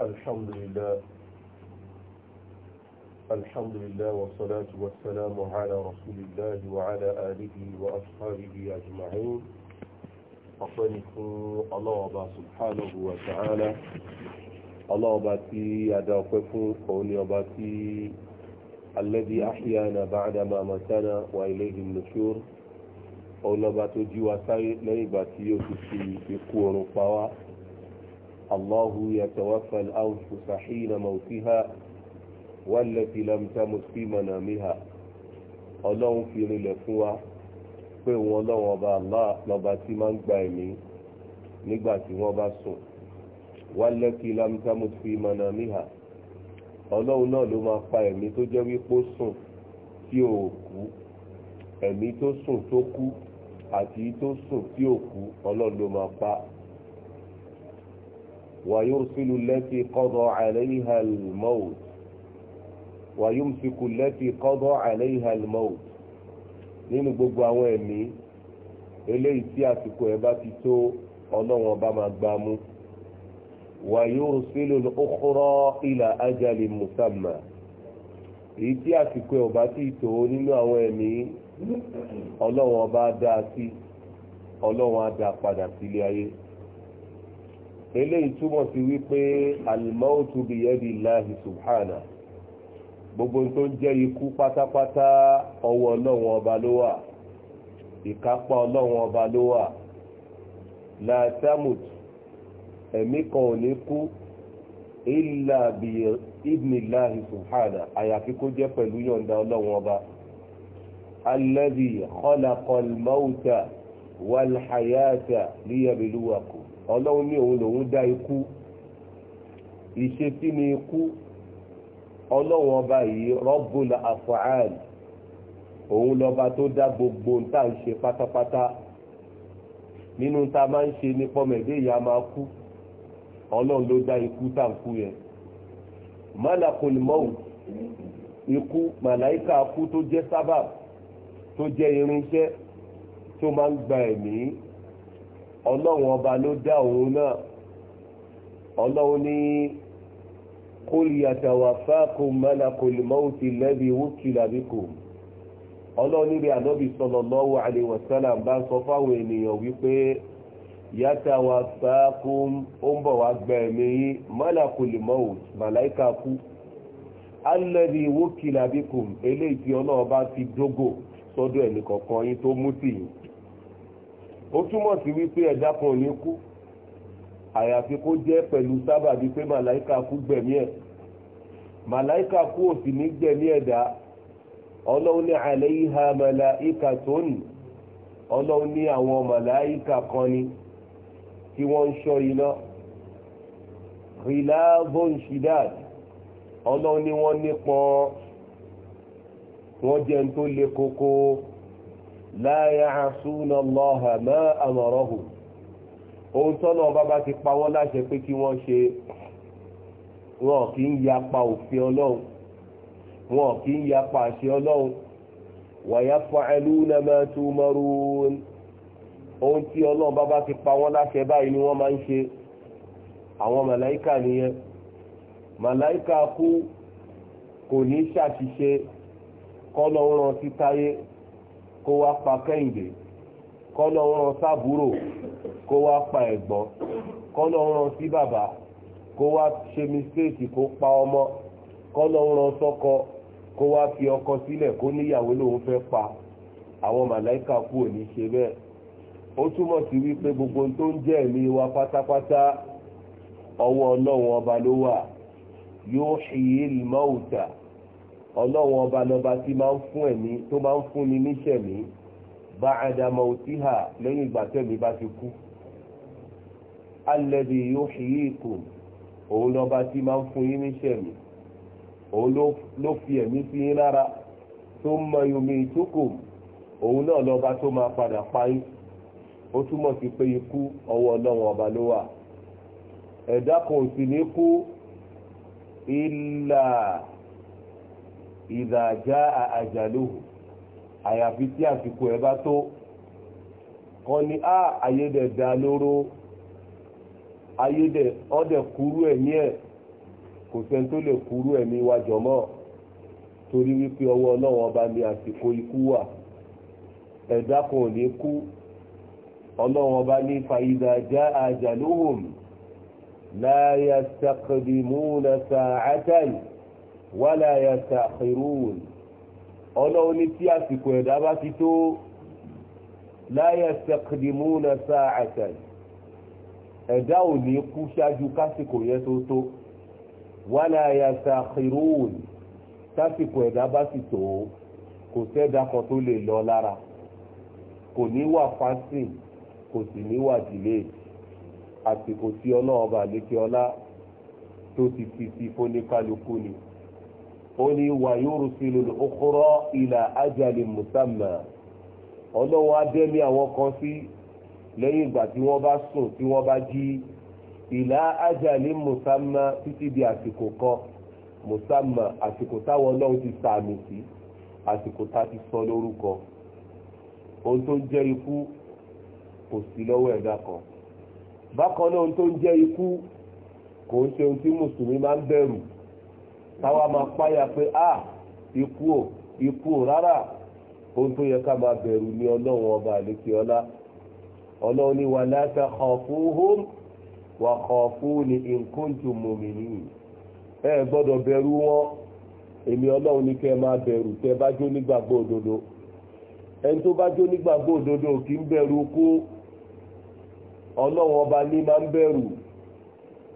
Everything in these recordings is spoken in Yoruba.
الحمد لله الحمد لله والصلاة والسلام على رسول الله وعلى آله وأصحابه أجمعين أصنف الله سبحانه وتعالى الله باتي أداقف قولي باتي الذي أحيانا بعدما متنا وإليه النشور قولي باتي جواسي لي باتي يوسف في قوة الله يتوفى الأنفس حين موتها والتي لم تمت في منامها ọlọ́run fi rinlẹ̀ fún wa pé òun ọlọ́run ọba Allah lọ́ba tí máa ń gba ẹ̀mí nígbà tí wọ́n bá sùn wálẹ́kì lámtámù fi mọ̀nà níhà ọlọ́run náà ló máa pa ẹ̀mí tó jẹ́ wípé sùn tí ò kú ẹ̀mí tó sùn tó kú àti tó sùn tí ò kú ọlọ́run ló máa pa ويرسل التي قضى عليها الموت ويمسك التي قضى عليها الموت nínú gbogbo àwọn ẹ̀mí eléyìí tí àsìkò ẹ̀ bá ti tó ọlọ́run ọba máa gbá mú wa yursilu al-ukhra ila ajalin musamma èyí tí àsìkò ẹ̀ bá ti tó nínú àwọn ẹ̀mí ọlọ́run ọba dá sí ọlọ́run á dá padà sílé ayé eléyìí túmọ̀ sí wípé al-mautu biyadi Allahi subhana gbogbo tó ń jẹ́ ikú pátápátá ọwọ́ ọlọ́wọ́n ọba ló wà ìkápá ọlọ́wọ́n ọba ló wà la tamut ẹ̀mí kan ò ní kú illa bi idnillahi subhana àyàfi kó jẹ́ pẹ̀lú yọ̀ǹda ọlọ́wọ́n ọba alladhi khalaqal mauta wal hayata liyabluwakum ọlọ́run ní òun lòun dá ikú ìṣesí ni ikú ọlọ́run ọba yìí Rabbul Af'al òun lọ́ba tó dá gbogbo nta ń ṣe pátápátá nínú ta máa ń ṣe ní pọ́mẹ̀dé ìyá máa kú ọlọ́run ló dá ikú tá à ń kú yẹn malakul ikú màláìka kú tó jẹ́ sábà tó jẹ́ irinṣẹ́ tó máa ń gba ẹ̀mí ọlọ́run ọba ló dá òun náà ọlọ́run ní kul yatawaffakum malakul mawti alladhi wukila bikum ọlọ́run níbi ànábì sallallahu alayhi wa sallam bá ń sọ fáwọn ènìyàn wípé yatawaffakum ó ń bọ̀ wá gbẹ̀mí malakul mawt màláìka kú alladhi wukila bikum eléyìí tí ọlọ́run bá fi dógò sọ́dọ̀ ẹnìkọ̀ọ̀kan yín tó mú sí yìí ó túmọ̀ sí wípé ẹ̀dá kan ò ní kú àyàfi kó jẹ́ pẹ̀lú sábàbí pé màláìka kú gbẹ̀mí ẹ̀ màláìka kú ò sì ní gbẹ̀mí ẹ̀dá ọlọ́run ní alayha màláìka tó ọlọ́run ní àwọn màláìka kan ni tí wọ́n ń ṣọ́ iná rilazon shidad ọlọ́run ní wọ́n nípọn wọ́n jẹun tó le koko. la ya'asuna Allaha ma amarahum ohun tọ́nà ọba bá ti pa wọ́n láṣẹ pé kí wọ́n wọn kì í yapa òfin ọlọ́run wọn kì í yapa ya ọlọ́run wa na ma ohun tí ọlọ́run bá bá ti pa wọ́n láṣẹ báyìí ni wọ́n ṣe àwọn màláìkà nìyẹn màláìkà kú ku ní kó wá pa kẹ́hìndé kọ́lọ́ rán sábúrò kó wá pa ẹ̀gbọ́n kọ́lọ́ rán sí bàbá kó wá ṣe mistake kó pa ọmọ kọ́lọ́ rán sọ́kọ kó wá fi ọkọ sílẹ̀ kó níyàwó lòun fẹ́ pa àwọn màláìka kú òní ní ṣe bẹ́ẹ̀ ó túmọ̀ sí wípé gbogbo tó ń jẹ́ ẹ̀mí wa pátápátá ọwọ́ ọlọ́run ọba ló wà yóò mọ́ mauta. ọlọ́run ọba lọ́ba tí máa ń fún ẹ̀mí tó máa ń fúnni níṣẹ̀mí bá àdàmọ̀ òtí hà lẹ́yìn ìgbà tẹ̀mí bá ti kú. alẹ́bí yóò ṣe yí ìkù òun lọ́ba tí máa ń fún yín níṣẹ̀mí òun ló fi ẹ̀mí sí yín lára tó ń mọ yomi ìtókò òun náà lọ́ba tó máa padà pa ó túmọ̀ sí pé ikú ọwọ́ ọlọ́run ọba ló wà ẹ̀dá kan sì ní kú ilà. ìdàjá àjàlóhù àyàfi tí àsìkò ẹ bá tó kọ ni a ayédè dá lóró ọ ọdẹ kúrú ẹ̀mí ẹ̀ kò sẹ́ni tó lè kúrú ẹ̀mí wa jọ̀mọ́ torí wípé ọwọ́ ọlọ́wọ́ bá ni àsìkò ikú wà ẹ̀dá kan ní kú ọlọ́wọ́ ní fàyídàjá àjàlóhùn wala yastakhirun ọlọ́run ní tí àsìkò ẹ̀dá bá ti tó la yastaqdimuna sa'atan ẹ̀dá ò ní kú ṣáájú kásìkò yẹn tó tó wala yastakhirun kásìkò ẹ̀dá bá ti tó kò sẹ́dá kan tó lè lọ lára kò ní wà fásìn kò sì ní wà dìlé àsìkò tí ọlọ́ọ̀bà lékè ọlá tó ti fi sí fóníkálukú ni. Kalo, ó ní wàyúrù sílù ọkọ̀rọ̀ ìlà ajáde mùsàmà ọlọ́wọ́ adẹ́mi àwọn kan sí lẹ́yìn ìgbà tí wọ́n bá sùn tí wọ́n bá jí ìlà ajáde mùsàmà títí di àsìkò kan mùsàmà àsìkò táwọn ọlọ́run ti sàmì sí àsìkò tá ti sọ lórúkọ ohun tó ń jẹ́ ikú kò sí lọ́wọ́ ẹ̀dá kan bákan náà ohun tó ń jẹ́ ikú kò ń ṣe ohun tí mùsùlùmí máa ń bẹ̀rù táwa máa páyà pé a ah, ikú o ikú o rárá ohun tó yẹ ká máa bẹ̀rù ni ọlọ́run ọba àlékè ọlá ọlọ́run ní wà láta khafuhum wà khafuni in kuntum mu'minin ẹ gbọ́dọ̀ bẹ̀rù wọn èmi ọlọ́run ní kẹ́ máa bẹ̀rù tẹ́ bá jó nígbàgbọ́ òdodo ẹni tó bá jó nígbàgbọ́ òdodo kì í bẹ̀rù kú ọlọ́run ọba ní máa ń bẹ̀rù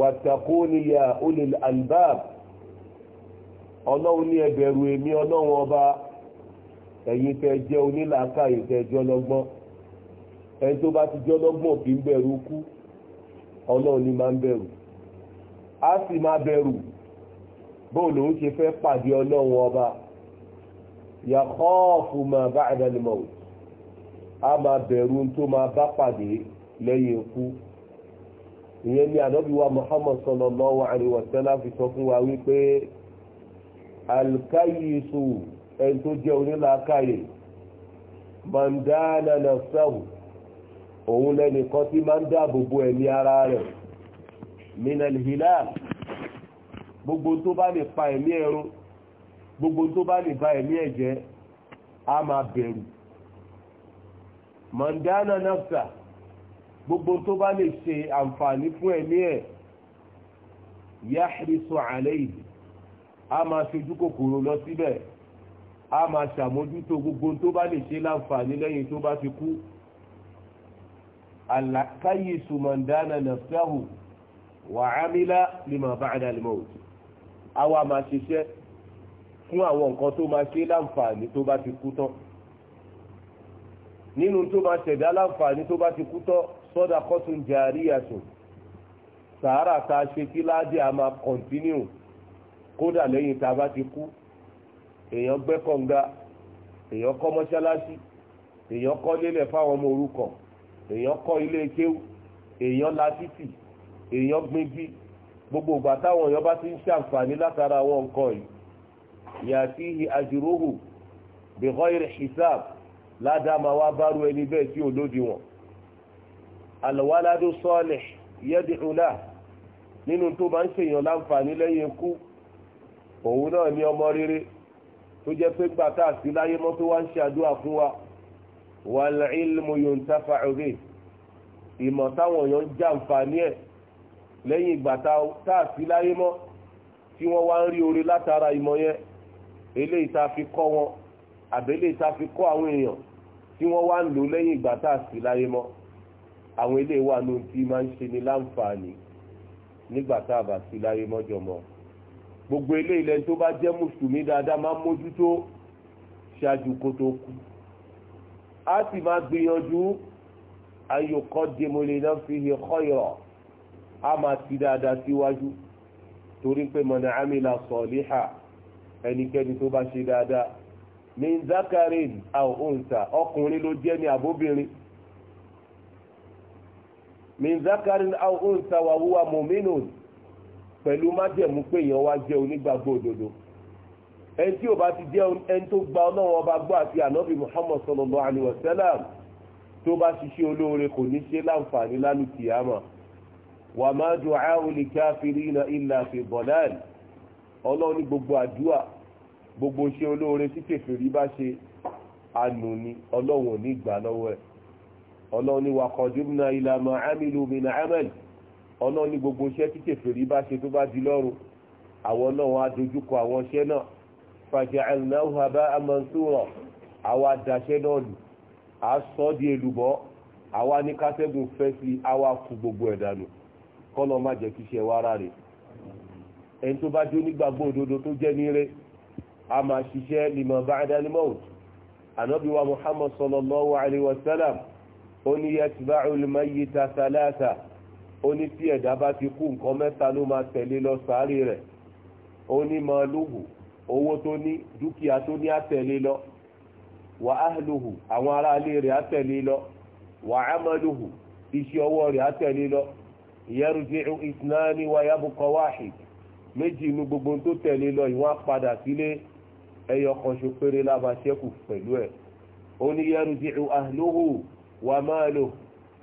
wattaquni ya ulil albab ọlọ́run ní ẹbẹ̀rù èmi ọlọ́run ọba ẹ̀yin tẹ jẹ́ onílàákà yìí tẹ jẹ́ ọlọ́gbọ́n ẹni tó bá ti jẹ́ ọlọ́gbọ́n kì í bẹ̀rù ọlọ́run ń bẹ̀rù á sì máa bẹ̀rù bóun lòun ṣe fẹ́ pàdé ọlọ́run ọba yàkọ́ọ̀fù máa bá àdánimọ̀ á máa bẹ̀rù tó máa bá pàdé lẹ́yìn ìyẹn ni àdọ́bíwá Muhammad alkayisu ẹni tó jẹ́ onílàákàyè mandana nasahu òun lẹ́nìkan tí máa ń dáàbò bo ẹ̀mí ara rẹ̀ minal hilal gbogbo tó bá lè pa ẹ̀mí ẹ̀rún gbogbo tó bá lè ba ẹ̀mí ẹ̀ jẹ́ a máa bẹ̀rù mandana nafsa gbogbo tó bá lè ṣe àǹfààní fún ẹ̀mí ẹ̀ yahrisu alayhi a máa ṣojú kòkòrò lọ síbẹ̀ a máa ṣàmójútó gbogbo tó bá lè ṣe láǹfààní lẹ́yìn tó bá ti kú àlàkáyè sùmọ̀ndánà nàfṣáhù wà ámílá lima ba'da al-maut a wá máa ṣiṣẹ́ fún àwọn nǹkan tó máa ṣe láǹfààní tó bá ti kú tán nínú tó máa ṣẹ̀dá láǹfààní tó bá ti kú tán sọ́dà kọ́tún jàríyàtùn sàárà tá a ṣe kí ládé máa kọ̀ntínú kódà lẹ́yìn tá a bá ti kú èèyàn gbẹ́ kọ̀ǹga èèyàn kọ́ mọ́ṣáláṣí èèyàn kọ́ lélẹ̀ fáwọn ọmọ òrukàn èèyàn kọ́ ilé kéwú èèyàn la títì èèyàn gbingi gbogbo ìgbà táwọn èèyàn bá ti ń ṣàǹfààní látara àwọn nǹkan yìí yàtíhi àjùróhù bìgọ́ìrì hisab ládàmà wá bárú ẹni bẹ́ẹ̀ tí ò lódi wọn. àlọ́wáládó sọ́ọ̀lẹ̀ yẹ́dìrúlà nínú tó máa ń ṣèyàn láǹfààní lẹ́yìn ikú òun náà ní ọmọ rere tó jẹ́ pé gbà tá a sí láyé mọ́ tó wá ń ṣe àdúrà fún wa wal ilmu yuntafa'u bihi ìmọ̀ táwọn èèyàn ń jàǹfààní ẹ̀ lẹ́yìn ìgbà tá a sí láyé mọ́ tí wọ́n wá ń rí oore látara ìmọ̀ yẹn eléyìí tá a fi kọ́ wọn àbẹ́lẹ̀ tá a fi kọ́ àwọn èèyàn tí wọ́n wá ń lò lẹ́yìn ìgbà tá a sí láyé mọ́ àwọn eléyìí wà ní tí máa ń ṣe ní láǹfààní nígbà tá a bá sí láyé mọ́jọ́ mọ́ gbogbo eléyìí lẹ́ni tó bá jẹ́ mùsùlùmí dáadáa máa ń mójútó ṣáájú kó tó kú a sì máa gbìyànjú ayòkọ́ demolè náà fi hì kọ́yọ̀ a máa ti dáadáa síwájú torí pé mọ̀nà àmìlà sọ̀líhà ẹnikẹ́ni tó bá ṣe dáadáa ní zakarin aw ọkùnrin ló jẹ́ ní àbóbìnrin min zakarin aw unsa wa pẹ̀lú májẹ̀mú pé èèyàn wá jẹ́ onígbàgbọ́ òdodo ẹni tí ò bá ti jẹ́ ẹni tó gba ọlọ́run ọba gbọ́ àti ànábì muhammad sallallahu alayhi wa sallam tó bá ṣiṣẹ́ olóore kò ní ṣe láǹfààní lálùkìyàmà wà má du'a'u li kafirina illa fi dalal ọlọ́run ní gbogbo àdúrà gbogbo ṣe olóore tí kèfèrí bá ṣe ànú ni ọlọ́run ò ní gbà lọ́wọ́ ẹ̀ ọlọ́run ní wa qadimna ila ma 'amilu min 'amal ọlọ́run ní gbogbo iṣẹ́ tí kèfèrí bá ṣe tó bá di lọ́rùn àwọn ọlọ́run á dojúkọ àwọn iṣẹ́ náà faja'alnahu haba'an mansura àwa daṣẹ́ náà lù á sọ ọ́ di èlùbọ́ àwa ní kásẹ́gùn fẹ́ sí àwa kú gbogbo ẹ̀ dànù kọ́lọ́ má jẹ́ kí iṣẹ́ wa rárẹ̀ ẹni tó bá jó nígbàgbọ́ òdodo tó jẹ́ níre a máa ṣiṣẹ́ liman ba'da al-mawt ó ní tí ẹ̀dá bá ti kú nǹkan mẹ́ta ló máa tẹ̀lé lọ sàárè rẹ̀ ó ní máa owó tó ní dúkìá tó ní àtẹ̀lé lọ wà àwọn rẹ̀ àtẹ̀lé lọ wà iṣẹ́ ọwọ́ rẹ̀ àtẹ̀lé lọ wa yabqa méjì inú gbogbo tó tẹ̀lé lọ ìwọ́n padà sílé ẹyọ kan ṣo péré pẹ̀lú ẹ̀ ó ní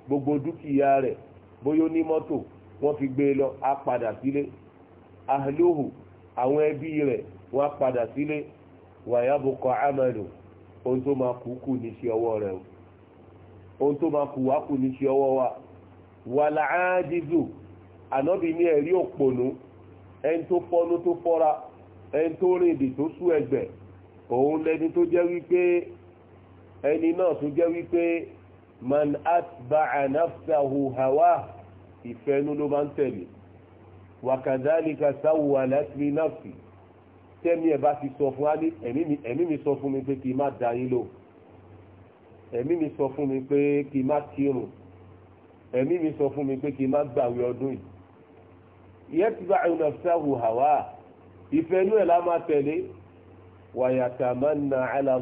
gbogbo dúkìá rẹ̀ bóyá ó ní mọ́tò wọ́n fi gbé e lọ padà sílé ahlóhù àwọn ẹbí rẹ̀ wọ́n padà sílé wàyábùkọ amadu ohun tó máa kú kù níṣẹ́ ọwọ́ rẹ̀ o ohun tó máa kù wá kù níṣẹ́ ọwọ́ wa wàlà ájízù ànábì ní ẹ̀rí òpònú ẹni tó man atba'a nafsahu hawa ìfẹ́nu ló máa ń tẹ̀lé wàkàdálíkà sawwalat li nafsi tẹ́mi ẹ̀ bá ti sọ fún wa ní ẹ̀mí mi sọ fún mi pé kí n má da yín lò ẹ̀mí mi sọ fún mi pé kí má kírun ẹ̀mí mi sọ fún mi pé kí má gbàwé ọdún yìí yatba'u nafsahu hawa ìfẹ́nu ẹ̀ la máa tẹ̀lé wa yatamanna ala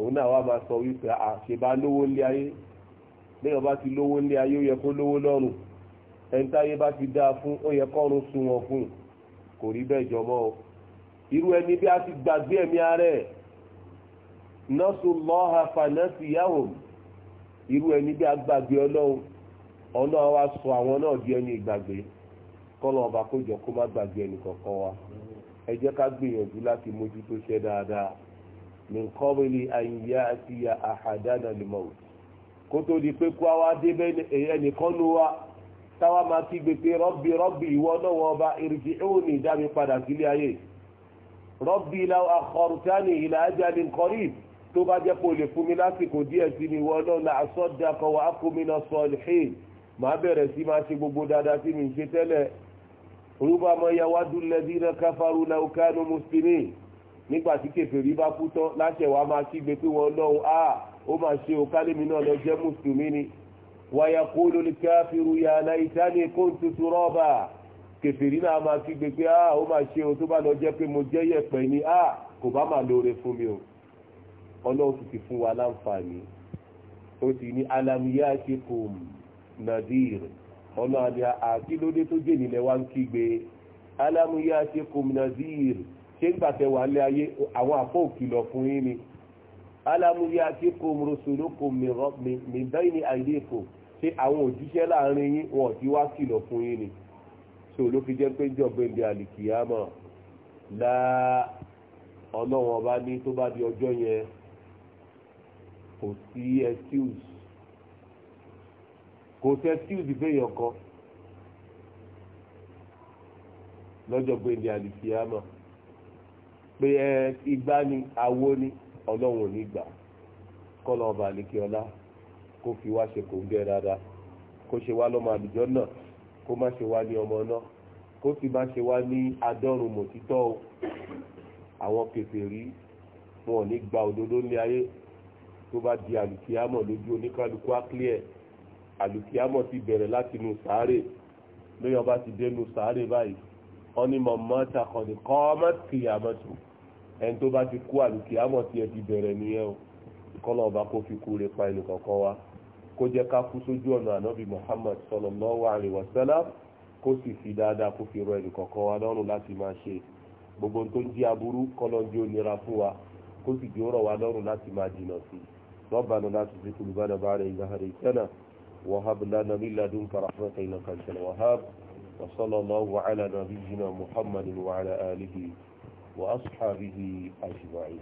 òun náà wá máa sọ wípé àṣebá lówó ńlé ayé lẹ́yìn bá ti lówó ńlé ayé ó yẹ kó lówó lọ́rùn ẹni bá ti dáa fún ó yẹ kọ́run sun wọn fún kò rí bẹ́ẹ̀ jọmọ́ o irú ẹni bí a ti gbàgbé ẹ̀mí ara ẹ̀ nọ́ọ̀sù lọ́ha fànẹ́sì yahoo irú ẹni bí a gbàgbé ọlọ́run ọ̀nà wa sọ àwọn náà di ẹni ìgbàgbé kọ́lọ̀ ọba kó jọ kó má gbàgbé ẹnì kọ̀ọ̀kan wa ẹ jẹ́ ká gbìyànjú láti mójútó ṣe dáadáa min qabli an ya'tiya ahadana al-mawt kó tó di pé kó àwa débẹ̀ ẹnìkan nu wa táwa máa kígbe pé rọ́bì rọ́bì ìwọ náà wọ́n ọba irji'uni dá mi padà sílé ayé rọ́bì law akhartani ila ajalin qarib tó bá jẹ́ pé o lè fún mi lásìkò díẹ̀ sí ni ìwọ náà la asaddaqa wa akun mina màá bẹ̀rẹ̀ sí máa ṣe gbogbo dáadáa sí mi ṣe tẹ́lẹ̀ rúbàmọ́ yawaddu alladhina kafaru law kanu muslimin nígbà tí kèfèrí bá kú tán láṣẹ wa máa kígbe pé wọn lọ́hùn á ó máa ṣe o kálímì náà lọ jẹ́ mùsùlùmí ni wáyà kó lórí káfíru ya aláìsá ni kó ń tutù rọ́ọ̀bà kèfèrí náà máa kígbe pé á ó máa ṣe o tó bá lọ jẹ́ pé mo jẹ́ yẹ̀pẹ̀ ni a kò bá máa lóore fún mi o ọlọ́run sì ti fún wa láǹfààní ó sì ní alamiya ṣe kò nàdír ọlọ́run àti àkílódé tó jẹ́ nílẹ̀ wá ń kígbe alamiya ṣe kò nàdír ṣé ń gbàtẹ̀ wà ní ayé àwọn àpò òkìlọ̀ fún yín ni alámúyá tí kò mùrùsùlù kò mìíràn ní àìdè kò ṣé àwọn òjíṣẹ́ láàrin yín wọn ti wá kìlọ̀ fún yín ni so ló fi jẹ́ pé jọ̀gbẹ́ ibi àlìkìyàmọ̀ la ọlọ́run ọba ní tó bá di ọjọ́ yẹn kò sí excuse kò sí excuse fẹ́yàn kan lọ́jọ́ gbé ibi àlìkìyàmọ̀ pé ẹ igbá ni awo ni ọlọ́run ò ní gbà kọ́lọ́ ọba àlekè ọlá kó fi wá ṣe kò ń gẹ́ dáadáa kó ṣe wá lọ́mọ àlùjọ náà kó má ṣe wá ní ọmọ náà kó sì má ṣe wá ní adọ́rùn mòtítọ́ o àwọn kèfèrí wọn ò ní gba òdodo ní ayé tó bá di àlùkìyámọ̀ lójú oníkálukú ákílẹ̀ àlùkìyámọ̀ ti bẹ̀rẹ̀ láti nu sàárè lóyún ọba ti dé nu sàárè báyìí wọn ni mọ̀mọ́ takọ̀dé kọ́ ọmọ kìyàmọ̀ tó ẹni tó bá ti kú àlùkí àmọ́ tí ẹ ti bẹ̀rẹ̀ nìyẹn o ìkọlọ̀ ọba kó fi kú rẹ pa ẹnì kọ̀ọ̀kan wa kó jẹ́ ká kú sójú ọ̀nà ànábì Muhammad sallallahu alaihi wasallam kó sì fi dáadáa kó fi rọ ẹnì kọ̀ọ̀kan wa lọ́rùn láti máa ṣe gbogbo tó ń jí aburú kọ́lọ́ jí ó nira fún wa kó sì jí ó rọ̀ wá lọ́rùn láti máa jìnà sí i rabbana la tuzigh qulubana ba'da idh hadaytana wa hab lana min ladunka rahmatan innaka antal wahhab wa sallallahu وأصحابه أجمعين